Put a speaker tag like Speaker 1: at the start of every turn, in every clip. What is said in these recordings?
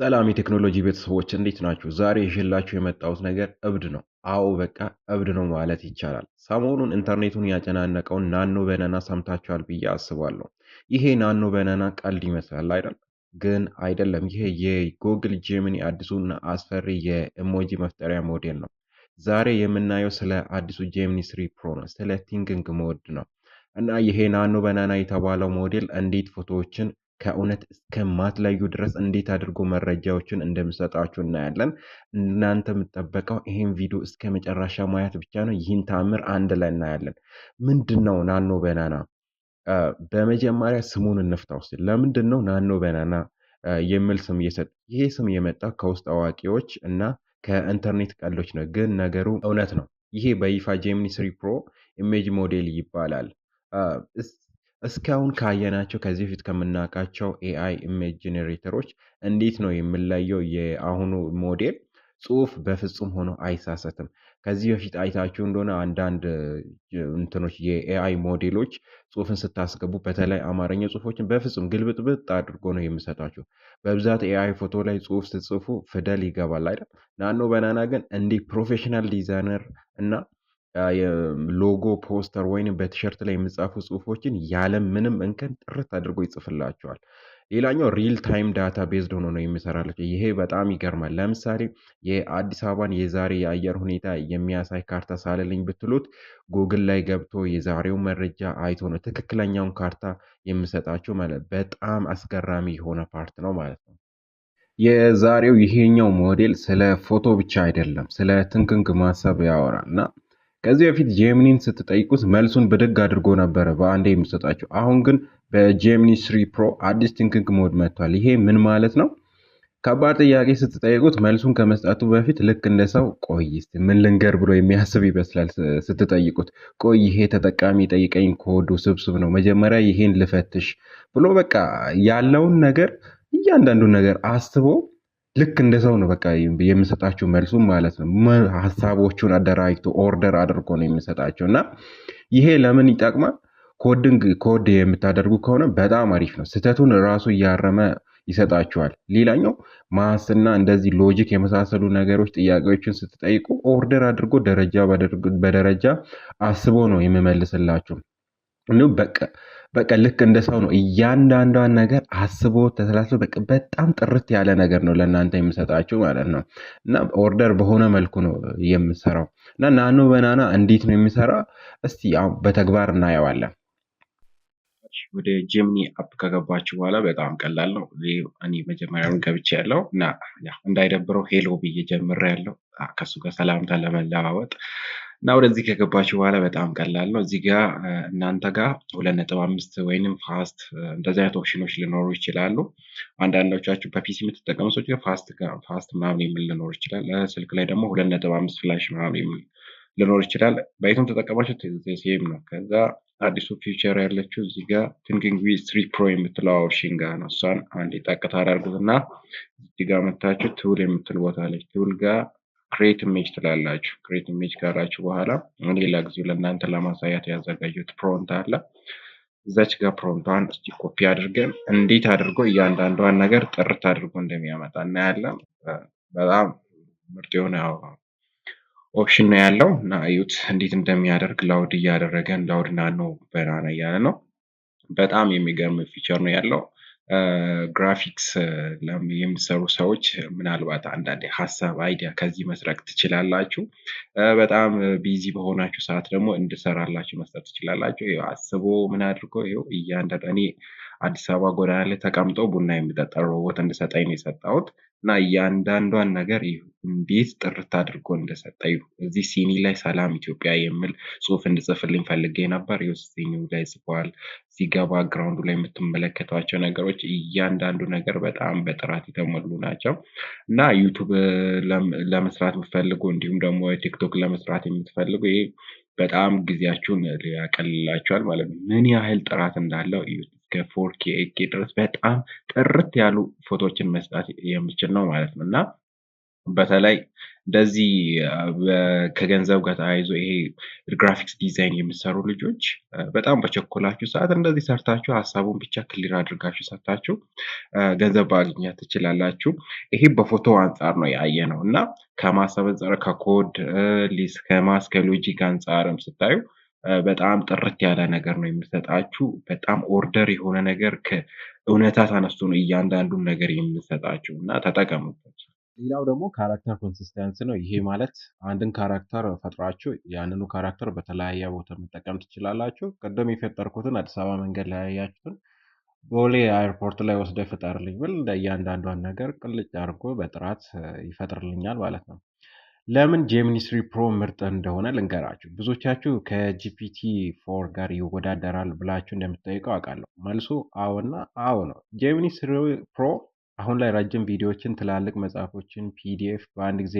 Speaker 1: ሰላም የቴክኖሎጂ ቤተሰቦች እንዴት ናችሁ? ዛሬ ይዤላችሁ የመጣሁት ነገር እብድ ነው። አዎ በቃ እብድ ነው ማለት ይቻላል። ሰሞኑን ኢንተርኔቱን ያጨናነቀውን ናኖ በነና ሰምታችኋል ብዬ አስባለሁ። ይሄ ናኖ በነና ቀልድ ይመስላል አይደል? ግን አይደለም። ይሄ የጎግል ጄሚኒ አዲሱና አስፈሪ የኢሞጂ መፍጠሪያ ሞዴል ነው። ዛሬ የምናየው ስለ አዲሱ ጄሚኒ ስሪ ፕሮ ነው፣ ስለ ቲንኪንግ ሞድ ነው። እና ይሄ ናኖ በናና የተባለው ሞዴል እንዴት ፎቶዎችን ከእውነት እስከ ማትለዩ ድረስ እንዴት አድርጎ መረጃዎችን እንደምሰጣችሁ እናያለን። እናንተ የምጠበቀው ይህን ቪዲዮ እስከ መጨረሻ ማየት ብቻ ነው። ይህን ታምር አንድ ላይ እናያለን። ምንድን ነው ናኖ በናና? በመጀመሪያ ስሙን እንፍታው። ለምንድን ነው ናኖ በናና የሚል ስም እየሰጡ? ይሄ ስም የመጣ ከውስጥ አዋቂዎች እና ከኢንተርኔት ቀሎች ነው፣ ግን ነገሩ እውነት ነው። ይሄ በይፋ ጄሚኒ ስሪ ፕሮ ኢሜጅ ሞዴል ይባላል። እስካሁን ካየናቸው ከዚህ በፊት ከምናውቃቸው ኤአይ ኢሜጅ ጄኔሬተሮች እንዴት ነው የምለየው? የአሁኑ ሞዴል ጽሁፍ በፍጹም ሆኖ አይሳሰትም። ከዚህ በፊት አይታችሁ እንደሆነ አንዳንድ እንትኖች የኤአይ ሞዴሎች ጽሁፍን ስታስገቡ በተለይ አማርኛ ጽሁፎችን በፍጹም ግልብጥብጥ አድርጎ ነው የሚሰጣችሁ። በብዛት ኤአይ ፎቶ ላይ ጽሁፍ ስጽፉ ፍደል ይገባል አይደል? ናኖ በናና ግን እንዲህ ፕሮፌሽናል ዲዛይነር እና ሎጎ ፖስተር ወይንም በቲሸርት ላይ የሚጻፉ ጽሁፎችን ያለም ምንም እንከን ጥርት አድርጎ ይጽፍላቸዋል። ሌላኛው ሪል ታይም ዳታ ቤዝድ ሆኖ ነው የሚሰራላቸው ይሄ በጣም ይገርማል። ለምሳሌ የአዲስ አበባን የዛሬ የአየር ሁኔታ የሚያሳይ ካርታ ሳለልኝ ብትሉት ጉግል ላይ ገብቶ የዛሬው መረጃ አይቶ ነው ትክክለኛውን ካርታ የምሰጣቸው ማለት በጣም አስገራሚ የሆነ ፓርት ነው ማለት ነው። የዛሬው ይሄኛው ሞዴል ስለ ፎቶ ብቻ አይደለም ስለ ትንክንክ ማሰብ ያወራል እና ከዚህ በፊት ጄሚኒን ስትጠይቁት መልሱን ብድግ አድርጎ ነበረ በአንዴ የሚሰጣቸው። አሁን ግን በጄሚኒ ስሪ ፕሮ አዲስ ቲንኪንግ ሞድ መጥቷል። ይሄ ምን ማለት ነው? ከባድ ጥያቄ ስትጠይቁት መልሱን ከመስጣቱ በፊት ልክ እንደ ሰው ቆይ ምን ልንገር ብሎ የሚያስብ ይመስላል ስትጠይቁት። ቆይ ይሄ ተጠቃሚ ጠይቀኝ ኮዱ ስብስብ ነው፣ መጀመሪያ ይሄን ልፈትሽ ብሎ በቃ ያለውን ነገር እያንዳንዱን ነገር አስቦ ልክ እንደ ሰው ነው በቃ የምሰጣቸው መልሱ ማለት ነው። ሀሳቦቹን አደራጅቶ ኦርደር አድርጎ ነው የምሰጣቸው እና ይሄ ለምን ይጠቅማል? ኮድንግ ኮድ የምታደርጉ ከሆነ በጣም አሪፍ ነው። ስህተቱን ራሱ እያረመ ይሰጣችኋል። ሌላኛው ማስና እንደዚህ ሎጂክ የመሳሰሉ ነገሮች ጥያቄዎችን ስትጠይቁ ኦርደር አድርጎ ደረጃ በደረጃ አስቦ ነው የሚመልስላችሁ። እንዲሁም በቃ በቃ ልክ እንደ ሰው ነው። እያንዳንዷን ነገር አስቦ ተሰላስሎ በቃ በጣም ጥርት ያለ ነገር ነው ለእናንተ የምሰጣችሁ ማለት ነው። እና ኦርደር በሆነ መልኩ ነው የምሰራው እና ናኖ በናና እንዴት ነው የሚሰራ እስቲ ያው በተግባር እናየዋለን።
Speaker 2: ወደ ጀምኒ አፕ ከገባችሁ በኋላ በጣም ቀላል ነው። እኔ መጀመሪያውን ገብቼ ያለው እና እንዳይደብረው ሄሎ ብዬ ጀምሬ ያለው ከሱ ጋር ሰላምታ ለመለዋወጥ እና ወደዚህ ከገባችሁ በኋላ በጣም ቀላል ነው። እዚህ ጋ እናንተ ጋ ሁለት ነጥብ አምስት ወይንም ፋስት እንደዚህ አይነት ኦፕሽኖች ሊኖሩ ይችላሉ። አንዳንዶቻችሁ በፒሲ የምትጠቀሙ ሰዎች ፋስት ፋስት ምናምን የሚል ሊኖር ይችላል። ስልክ ላይ ደግሞ ሁለት ነጥብ አምስት ፍላሽ ምናምን የሚል ሊኖር ይችላል። በየትም ተጠቀማቸው ሴም ነው። ከዛ አዲሱ ፊውቸር ያለችው እዚህ ጋ ቲንኪንግ ዊዝ ትሪ ፕሮ የምትለው ኦፕሽን ጋ ነው። እሷን አንድ ጠቅታ አዳርጉት እና እዚህ ጋር መታችሁ ቱል የምትል ቦታ አለች። ቱል ጋር ክሬት ኢሜጅ ትላላችሁ። ክሬት ኢሜጅ ካላችሁ በኋላ ሌላ ጊዜ ለእናንተ ለማሳያት ያዘጋጁት ፕሮምፕት አለ። እዛች ጋር ፕሮምፕቷን እስኪ ኮፒ አድርገን እንዴት አድርጎ እያንዳንዷን ነገር ጥርት አድርጎ እንደሚያመጣ እናያለን። በጣም ምርጥ የሆነ ኦፕሽን ነው ያለው እና እዩት እንዴት እንደሚያደርግ ላውድ እያደረገን ላውድ ናኖ በናና እያለ ነው። በጣም የሚገርም ፊቸር ነው ያለው። ግራፊክስ የምትሰሩ ሰዎች ምናልባት አንዳንዴ ሀሳብ፣ አይዲያ ከዚህ መስረቅ ትችላላችሁ። በጣም ቢዚ በሆናችሁ ሰዓት ደግሞ እንድሰራላችሁ መስጠት ትችላላችሁ። አስቦ ምን አድርጎ እያንዳንዱ እኔ አዲስ አበባ ጎዳና ላይ ተቀምጦ ቡና የሚጠጣ ሮቦት እንድሰጠኝ ነው የሰጣሁት እና እያንዳንዷን ነገር እንዴት ጥርት አድርጎ እንደሰጠ እዩ። እዚህ ሲኒ ላይ ሰላም ኢትዮጵያ የሚል ጽሁፍ እንድጽፍልኝ ፈልጌ ነበር። ሲኒው ላይ ጽፏል። እዚህ ጋ ላይ የምትመለከቷቸው ነገሮች እያንዳንዱ ነገር በጣም በጥራት የተሞሉ ናቸው እና ዩቱብ ለመስራት የምትፈልጉ እንዲሁም ደግሞ ቲክቶክ ለመስራት የምትፈልጉ ይሄ በጣም ጊዜያችሁን ያቀልላችኋል ማለት ነው። ምን ያህል ጥራት እንዳለው እዩት። እስከ ፎር ኬ ኤይት ኬ ድረስ በጣም ጥርት ያሉ ፎቶዎችን መስጣት የሚችል ነው ማለት ነው እና በተለይ እንደዚህ ከገንዘብ ጋር ተያይዞ ይሄ ግራፊክስ ዲዛይን የሚሰሩ ልጆች በጣም በቸኮላችሁ ሰዓት እንደዚህ ሰርታችሁ ሀሳቡን ብቻ ክሊር አድርጋችሁ ሰርታችሁ ገንዘብ ማግኘት ትችላላችሁ። ይሄ በፎቶ አንጻር ነው ያየ ነው እና ከማሰብ አንጻር ከኮድ ሊስ ከማስ ከሎጂክ አንጻርም ስታዩ በጣም ጥርት ያለ ነገር ነው የምንሰጣችሁ። በጣም ኦርደር የሆነ ነገር ከእውነታ ተነስቶ ነው እያንዳንዱን ነገር የምንሰጣችሁ እና ተጠቀሙበት።
Speaker 1: ሌላው ደግሞ ካራክተር ኮንሲስተንስ ነው። ይሄ ማለት አንድን ካራክተር ፈጥራችሁ ያንኑ ካራክተር በተለያየ ቦታ መጠቀም ትችላላችሁ። ቅድም የፈጠርኩትን አዲስ አበባ መንገድ ላይ ያያችሁትን ቦሌ አይርፖርት ላይ ወስደ ፍጠርልኝ ብል እንደ እያንዳንዷን ነገር ቅልጭ አድርጎ በጥራት ይፈጥርልኛል ማለት ነው። ለምን ጄሚኒ ስሪ ፕሮ ምርጥ እንደሆነ ልንገራችሁ። ብዙዎቻችሁ ከጂፒቲ ፎር ጋር ይወዳደራል ብላችሁ እንደምትጠይቀው አውቃለሁ። መልሱ አዎና አዎ ነው። ጄሚኒ ስሪ ፕሮ አሁን ላይ ረጅም ቪዲዮዎችን፣ ትላልቅ መጽሐፎችን፣ ፒዲኤፍ በአንድ ጊዜ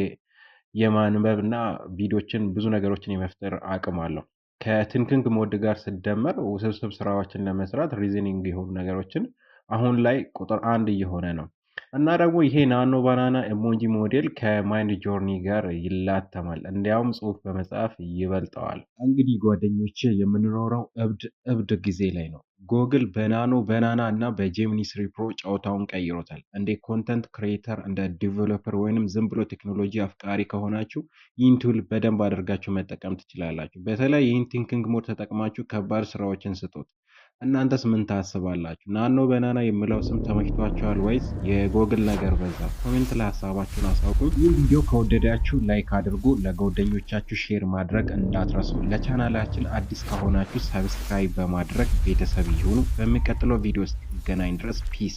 Speaker 1: የማንበብ እና ቪዲዮችን ብዙ ነገሮችን የመፍጠር አቅም አለው። ከትንክንግ ሞድ ጋር ስደመር ውስብስብ ስራዎችን ለመስራት ሪዝኒንግ የሆኑ ነገሮችን አሁን ላይ ቁጥር አንድ እየሆነ ነው። እና ደግሞ ይሄ ናኖ ባናና ኤሞጂ ሞዴል ከማይንድ ጆርኒ ጋር ይላተማል። እንዲያውም ጽሁፍ በመጽሐፍ ይበልጠዋል። እንግዲህ ጓደኞቼ የምንኖረው እብድ እብድ ጊዜ ላይ ነው። ጎግል በናኖ በናና እና በጄሚኒ ስሪ ፕሮ ጨዋታውን ቀይሮታል። እንደ ኮንተንት ክሬተር፣ እንደ ዲቨሎፐር ወይንም ዝም ብሎ ቴክኖሎጂ አፍቃሪ ከሆናችሁ ይህን ቱል በደንብ አድርጋችሁ መጠቀም ትችላላችሁ። በተለይ ይህን ቲንኪንግ ሞድ ተጠቅማችሁ ከባድ ስራዎችን ስጡት። እናንተስ ምን ታስባላችሁ? ናኖ በናና የምለው ስም ተመችቷችኋል ወይስ የጎግል ነገር በዛ? ኮሜንት ላይ ሀሳባችሁን አሳውቁኝ። ይህ ቪዲዮ ከወደዳችሁ ላይክ አድርጉ፣ ለጓደኞቻችሁ ሼር ማድረግ እንዳትረሱ። ለቻናላችን አዲስ ከሆናችሁ ሰብስክራይብ በማድረግ ቤተሰብ ይሁኑ። በሚቀጥለው ቪዲዮ እስክንገናኝ ድረስ ፒስ